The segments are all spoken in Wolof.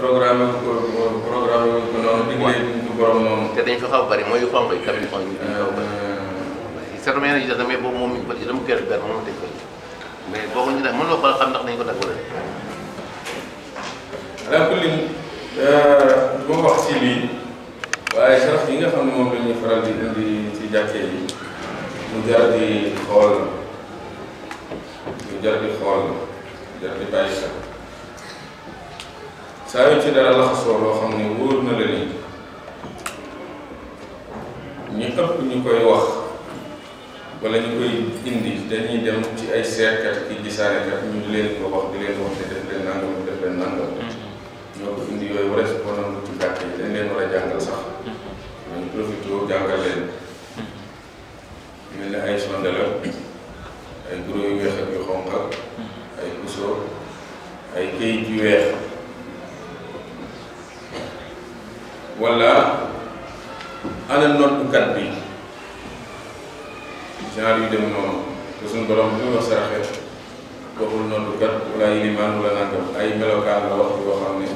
programme programme wu ko noonu. digle ñu ko borom noonu. te dañ fi xaw a bëri mooy yu xonq yi tamit xonq yi. certes mel ni dama boobu moom it ba ci dama gërëm benn moom dañ ko ñu def mënuloo xool xam ndax nañ ko dagg wala. alaa kulli euh, du ma wax ci lii waaye charaf yi nga xam ne moom la ñuy di indi ci di xool mu di xool jar di bàyyi saa yoo ci dara laxasoo loo xam ne wóor na ñu ëpp ñu koy wax wala ñu koy indi dañuy dem ci ay seetkat ki gisaanekat ñu di leen ko wax di leen wax ne def leen nangam def leen nangam mm-hmm. ñoo ko indi yooyu war a si konoon ci gàtt yi dañ leen war a jàngal sax mm-hmm. ñu profité jàngal leen mm-hmm. ne ay sondela ay guro yu weex ak yu xonq ay puso ay këyit yu weex ana noddukat bi genre yu dem noonu te suñu borom bu muy wax saraxe waxul noddukat wala yilimaan wala nangam ay melokaan la wax yoo xam ne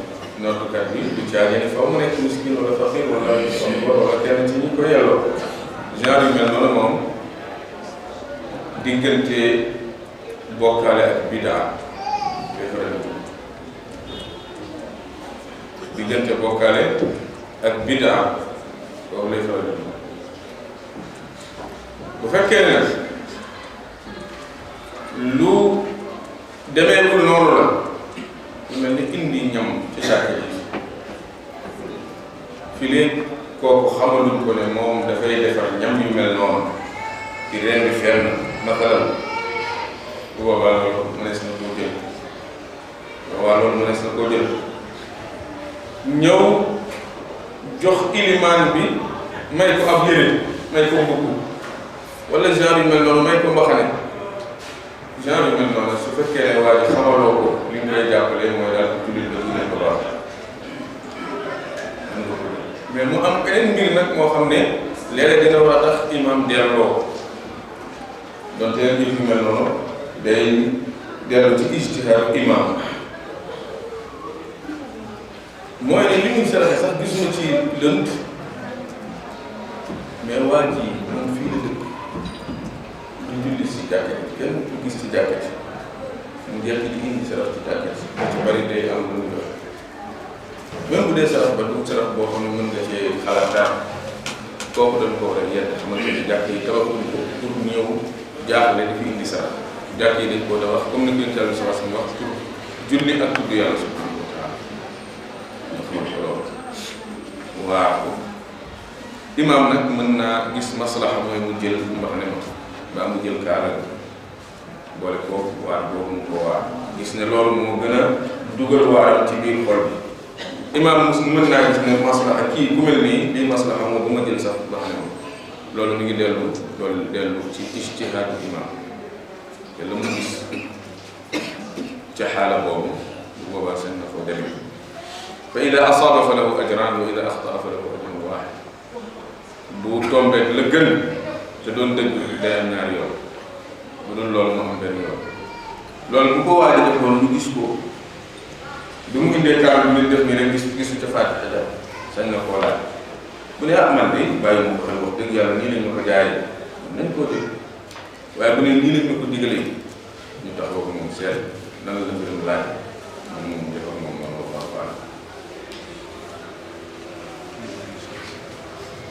noddukat bi du caagee faw mu nekk miskin wala faqir wala sonbor wala kenn ci ñi ko yelloo genre yu mel noonu moom diggante bokkaale ak bidaa diggante bokkaale ak bidaa boobu lay soog a bu fekkee ne nag lu demeewul noonu la mel ni indi ñam ci sàkk ji fi léegi kooku xamaluñ ko ne moom dafay defar ñam yu mel noonu ci ren bi fenn masalan bu boobaa loolu mënees na koo jël bu loolu mënees na koo jël ñëw jox ilimaan bi may ko ab yére may ko mbubb wala genre mel noonu may ko mbaxane genre mel noonu su fekkee ne waa xamaloo ko li ngay jàppale mooy daal ko jullit la dinañ ko baax mais mu am beneen mbir nag moo xam ne léeg-léeg dina war a tax imam delloo ko donte mel noonu day dellu ci ijtihaad imam mooy ne li muy saraxe sax gisuma ci lënt mais waa ji moom fii la dëkk ñu julli si jàkka ji kenn ku gis ci jàkka ji mu jeex ci jàkka ji ci bari day am lu mu jox bu dee sarax ba du sarax boo xam ne mën nga cee xalaat a ko pour ñëw jaaxle di fi indi sarax jàkk yi dañ koo tabax comme ni ngeen jàll si wax julli ak tudd yàlla waaw imaam nag mën na gis maslaxa mooy mu jël mbax ne ma mbaa mu jël kaala boole ko waar boobu mu ko waar gis ne loolu moo gën a dugal waaram ci biir xol bi imaam mën naa gis ne maslaxa kii ku mel lii maslaxa moo bu ma sax mbax ne ma loolu mi ngi dellu loolu dellu ci ijtihaadu imaam te mu gis ca xaala boobu bu boobaa seen foo demee fa ida asaaba fa lahu ajran wa ida axtaa fa lahu ajrun waaxid bu tombeek la gën te doon dëgg day am ñaari yoon bu dul loolu moo am benn yoon loolu bu ko waaja defoon lu gis ko bi mu indee kàddu bi def nii rek gis gisu ca fàtte ja sañ na koo laaj bu ne ah man de bàyyi ma ko xel wax dëgg yàlla nii lañ ma ko jaayee mën nañ koo dégg waaye bu ne nii lañ ma ko digalee ñu taxaw ko moom seet nan la def laaj moom moom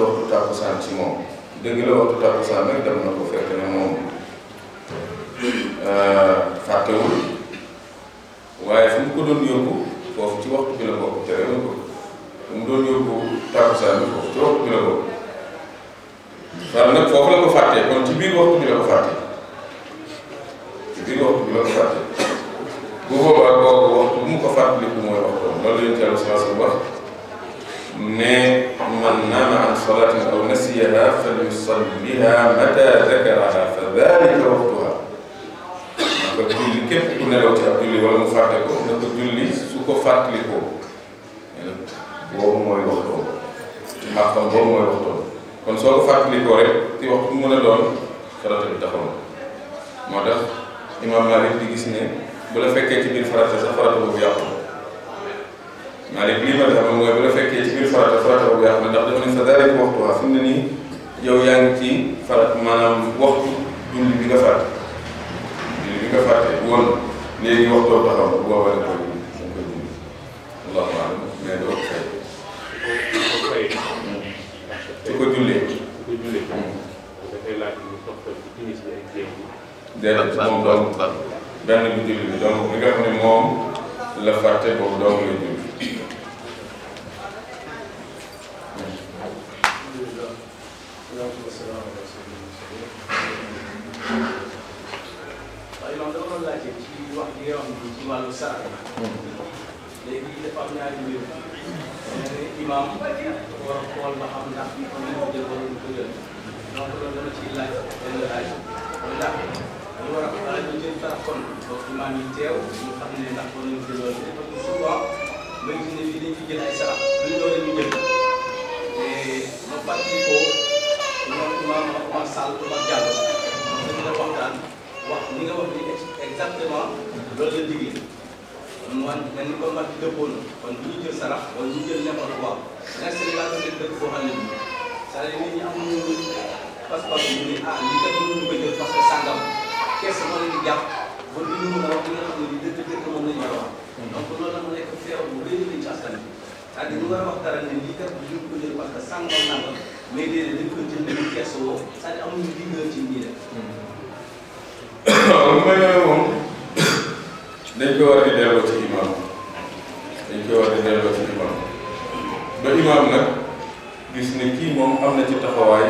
na waxtu tàkkusaan ci moom dëgg la waxtu tàkkusaan nag dem na ko fekk ne moom euh, fàttewul waaye fu mu ko doon yóbbu foofu ci waxtu bi la bokk tere la mu doon yóbbu tàkkusaan foofu ci waxtu bi la bokk nag foofu la ko fàttee kon ci biir waxtu bi la ko fàttee ci biir waxtu bi la ko fàttee bu boobaa boobu waxtu bu mu ko fàttaliku mooy waxtu loolu la ñu teel a wax ne. من نام عن صلاة أو نسيها فليصليها متى ذكرها فذلك وقتها nga julli képp ku nelaw ci ab julli wala mu fàtte ko na ko julli su ko fàttalikoo mooy waxtoom ci xàqam boobu mooy waxtoom kon soo ko fàttalikoo rek ci waxtu mën a doon farata bi taxaw na moo tax imaam Maalik di gis ne bu la fekkee ci biir farata sax farata boobu rek waxtu yaa ngi ci farat maanaam waxtu julli bi nga fàtte julli bi nga fàtte woon léegi waxtoo taxaw bu boobaa nga koy dañ koy julli allahu ko fay su ko jullee su ko ci timis bi ay jéem déedéet moom benn bi julli bi donc li nga xam ne la fàtte boobu doom la julli wàllu saako. léegi dafa am ñaari mbir. Eh, imaam war a xool ba xam ndax li mu jël wala lu ko jël donc loolu dama ciy laaj benn laaj ndax war a xaaral ñu jël par kon donc imaam yi teew ñu xam ne ndax war nañu jël loolu parce que souvent may gis ne fii dañ fi jël ay sarax luñ doole ñu jël te ma fàttali ko moom imaam ma Sall ma jàll dañ la waxtaan wax li nga wax li exactement loolu la digg man dañu ko mën di dëppoon kon bu ñu jël sarax wala ñu jël n'importe quoi nekk Sénégal nekk dëkk boo xam ne bii c'est-à-dire nit ñi amuñu pas-pas ñu ne ah lii kat mënuñu ko jël parce que sàngam kees moo leen di jàpp ba du ñu mën a nii dëkk dëkk moom la ñu war a wax. donc loolu bu rëy lañ ci askan bi c'est-à-dire ñu war a wax dara ne lii kat duñu ko jël parce que sàngam nangam mais léeg-léeg dañ ko jël dañu kees woo c'est-à-dire amuñu digneur dañ koy war di delloo ci imaam dañ koy war di delloo ci imaam ba imaam nag gis ne kii moom am na ci taxawaay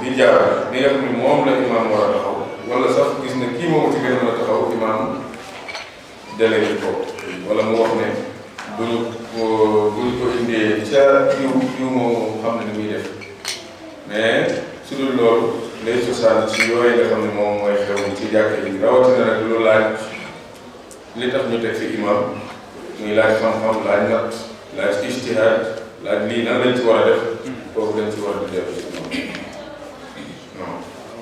di jaar di nga xam ne moom la imaam war a taxaw wala sax gis ne kii moom ci gën a taxaw imaam délégué ko wala mu wax ne bu ñu ko bu ñu ko indee ca jiw jiw moomu xam ne ni muy def mais su dul loolu lay sosaan ci yooyu nga xam ne moom mooy xew ci jàkka yi rawatina nag lu laaj. li tax ñu teg fi imam muy laaj xam-xam laaj natt laaj ijtihaad laaj lii nan lañ ci war a def kooku lañ ci war a di def non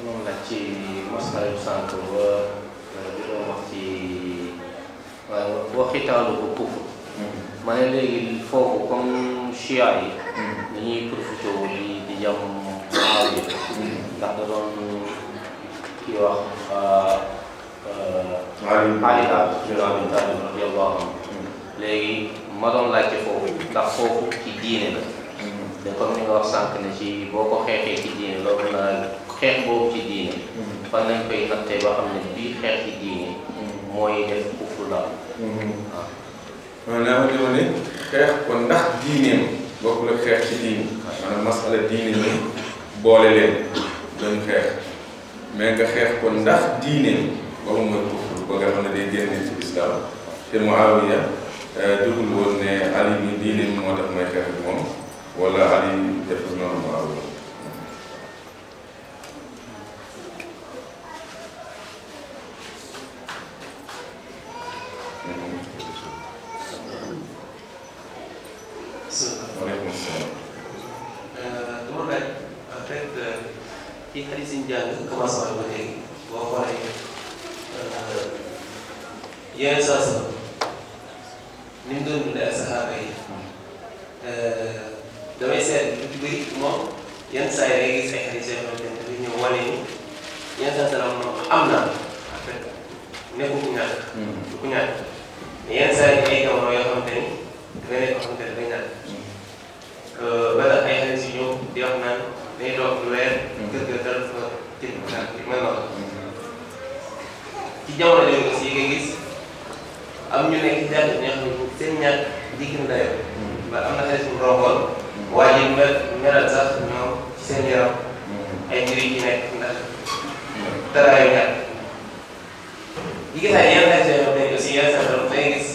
moom laaj ci masala yu sànq ba euh, di doon wax ci waaye waxitaalu bu kufr mm-hmm. ma ne léegi foofu comme chia yi dañuy mm-hmm. profité di di jam aaw yi mm-hmm. ndax da doon ki wax euh, euh, Maalil Maalil Ba Ibn Abi Talib ma doon laajte foofu ndax foofu ci diine la. te mm-hmm. comme ni nga wax sànq ne ci boo ko ci diine loolu naa xeex boobu ci diine. Mm-hmm. fan lañ koy nattee ba ne bii xeex ci diine. Mm-hmm. mooy def kufru la. waaw. Ah. maanaam li xeex ko ndax diineem bokkul xeex ci diine maanaam masala diine ñu boole xeex mais nga xeex ko ndax diineem boobu mooy kufru. ba nga xam ne day génne ci islam te Muawiya euh, dugul woon ne Ali mi diine mi moo tax may xeex ak moom wala Ali dafa noonu Muawiya euh, dama laaj en fait ci xarit si ñu jàng commencé waxee boo xoolee yeneen saa si ni mu doon dundee ak saxaaba yi eh, damay seet lu ci bëri moom yenn saa yi day gis ay xarit yoo xamante ne dañuy ñëw wane ni yenn saa si moom am na en fait nekkul ku ñàkk. du mm-hmm. ku ñàkk mais yenn saa yi ay jamono yoo xamante ni dina nekk xamante ne dafay ñàkk. Mm-hmm. Eh, ba tax ay xarit yu ñëw di wax naan dañuy toog lu weer. Mm-hmm. kër gër dara fa jënd ko daal di mel noonu. ci jamono yooyu aussi nga gis. am ñu nekk jàll ñoo xam ne seen ñàkk jigéen dayoo. Mm. ba am na xel suñu romboon. Mm. waaye ñu mel melal sax ñoom seen yaram. Mm. ay mbir yu ci nekk ndax taraayu ñàkk. yi gis naa yenn xel yoo xam ne aussi yenn saa yoo gis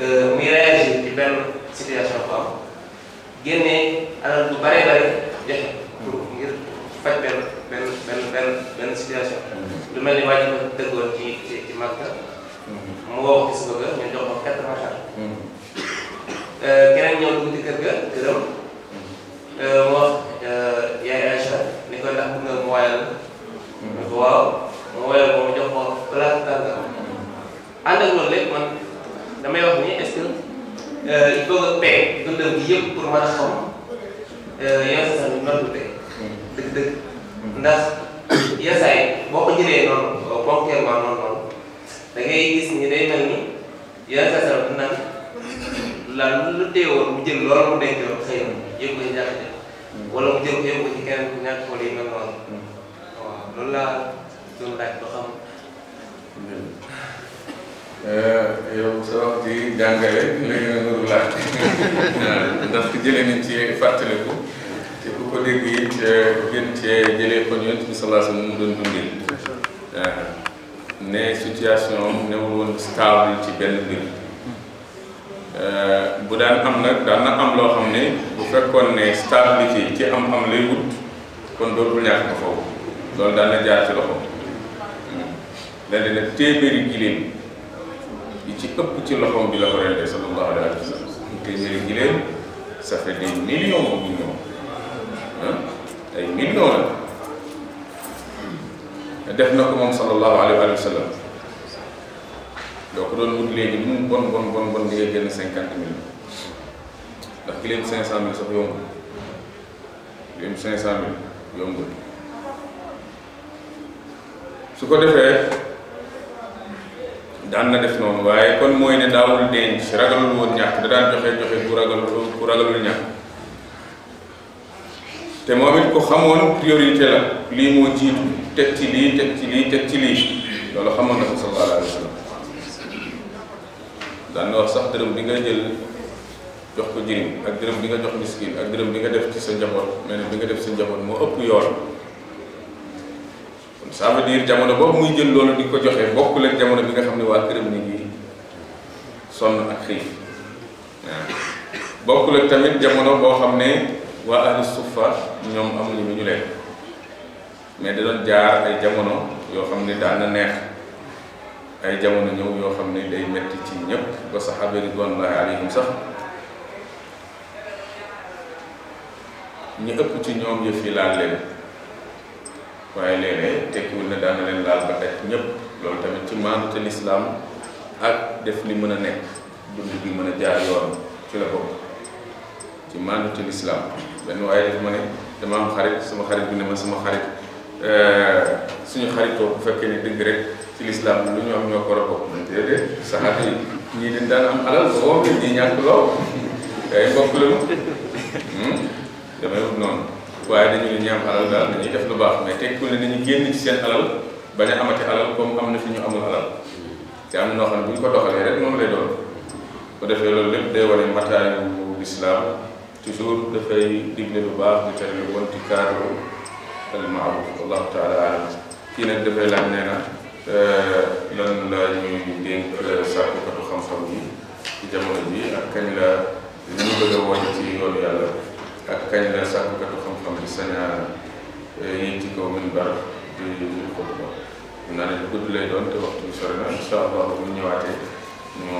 euh, muy réagir ci benn situation bu am génnee. ànd ak loolu lépp damay wax ni est-ce que euh, il faut que tey gi yëpp pour mën a xam euh, yenn saa yi noonu tey dëgg-dëgg. ndax yenn saa yi boo ko jëlee noonu euh, ponctuellement noonu noonu da ngay gis ni day mel ni yenn saa yi nag la lu teewoon mu jël loolu mu dencoon xëy na yëpp koy jaxase wala mu jël yëpp ko ci keneen ku ñàkk wala yu mel noonu waaw loolu laa doon laaj Eh, yow sa wax ci jàngale léegi na nuru laaj ndax jëlee nañ ci fàttaliku te ku ko dégg it eh, gën cee jëlee kon yonent bi sallallahu alayhi mu doon dundee eh, ne situation newul woon stable ci benn mbir bu daan am nag daan na am loo xam ne bu fekkoon ne stabilité ci am-am lay wut kon dootul ñàkk ko foofu loolu daan na jaar ci loxo hmm. léeg-léeg téeméeri giléem li ci ëpp ci loxoom la ko rendee sallallahu alayhi wa sallam téeméeri gileem ça fait des millions moom millions ay millions la def na ko moom sallallahu alayhi wa sallam doo ko doon wut léegi mu bon bon bon bon di génn cinquante mille ndax gileem cinq cent mille sax yombul gileem cinq cent mille yombul su ko defee daan na def noonu waaye kon mooy ne daawul denc ragalul woon ñàkk da daan joxe joxe bu ragalul ku ragalul ñàkk te moom it ko xamoon priorité la lii moo jiitu teg ci lii teg ci lii teg ci lii loolu xamoon na ko sallallahu alayhi wa sax dërëm bi nga jël jox ko jirim ak dërëm bi nga jox miskin ak dërëm bi nga def ci sa njaboot nee bi nga def sa njaboot moo ëpp yoon ça veut jamono boobu muy jël loolu di ko joxe bokkul ak jamono bi nga xam ne waa këram ni ngi sonn ak xiif waaw bokkul ak tamit jamono boo xam ne waa ahlu ñoom amuñu lu ñu leen mais da doon jaar ay jamono yoo xam ne daan neex ay jamono ñëw yoo xam ne day metti ci ñëpp ba saxaaba ridwanullahi alayhim sax ñu ëpp ci ñoom yëf yi laal leen waaye léeg-léeg tekkiwul ne daana leen laal ba daj ñëpp loolu tamit ci maandu te lislaam ak def li mën a nekk dund bi mën a jaar yoon ci la bokk ci maandu te lislaam benn waaye def ma ne dama am xarit sama xarit bi ne ma sama xarit euh, suñu xaritoo bu fekkee ni dëgg rek ci lislaam lu ñu am ñoo ko war a bokk man déedéet saxaat yi ñii dañ daan am alal boo ñii ñàkk lool ay mbokk lañu hmm? damay wut noonu waaye dañu ne ñi am alal daal dañuy def lu baax mais tekkul ne dañu génn ci seen alal ba a amati alal comme am na fi ñu amul alal te am noo xam ne bu ñu ko doxalee rek moom lay doon defee loolu lépp day wane mataayu lislaam toujours dafay digle lu baax di tere lu bon ci cadre al kii euh, lan la ñuy dénk euh, sàkkukatu xam-xam yi ci jamono ji ak kañ la li ñu bëgg a ci yoonu yàlla ak kañ la sàkkukatu xam-xam sañ a yéeg barab di ñu naa ne lu gudd lay doon te sore na incha allah bu ñu ñëwaatee ñu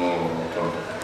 tontu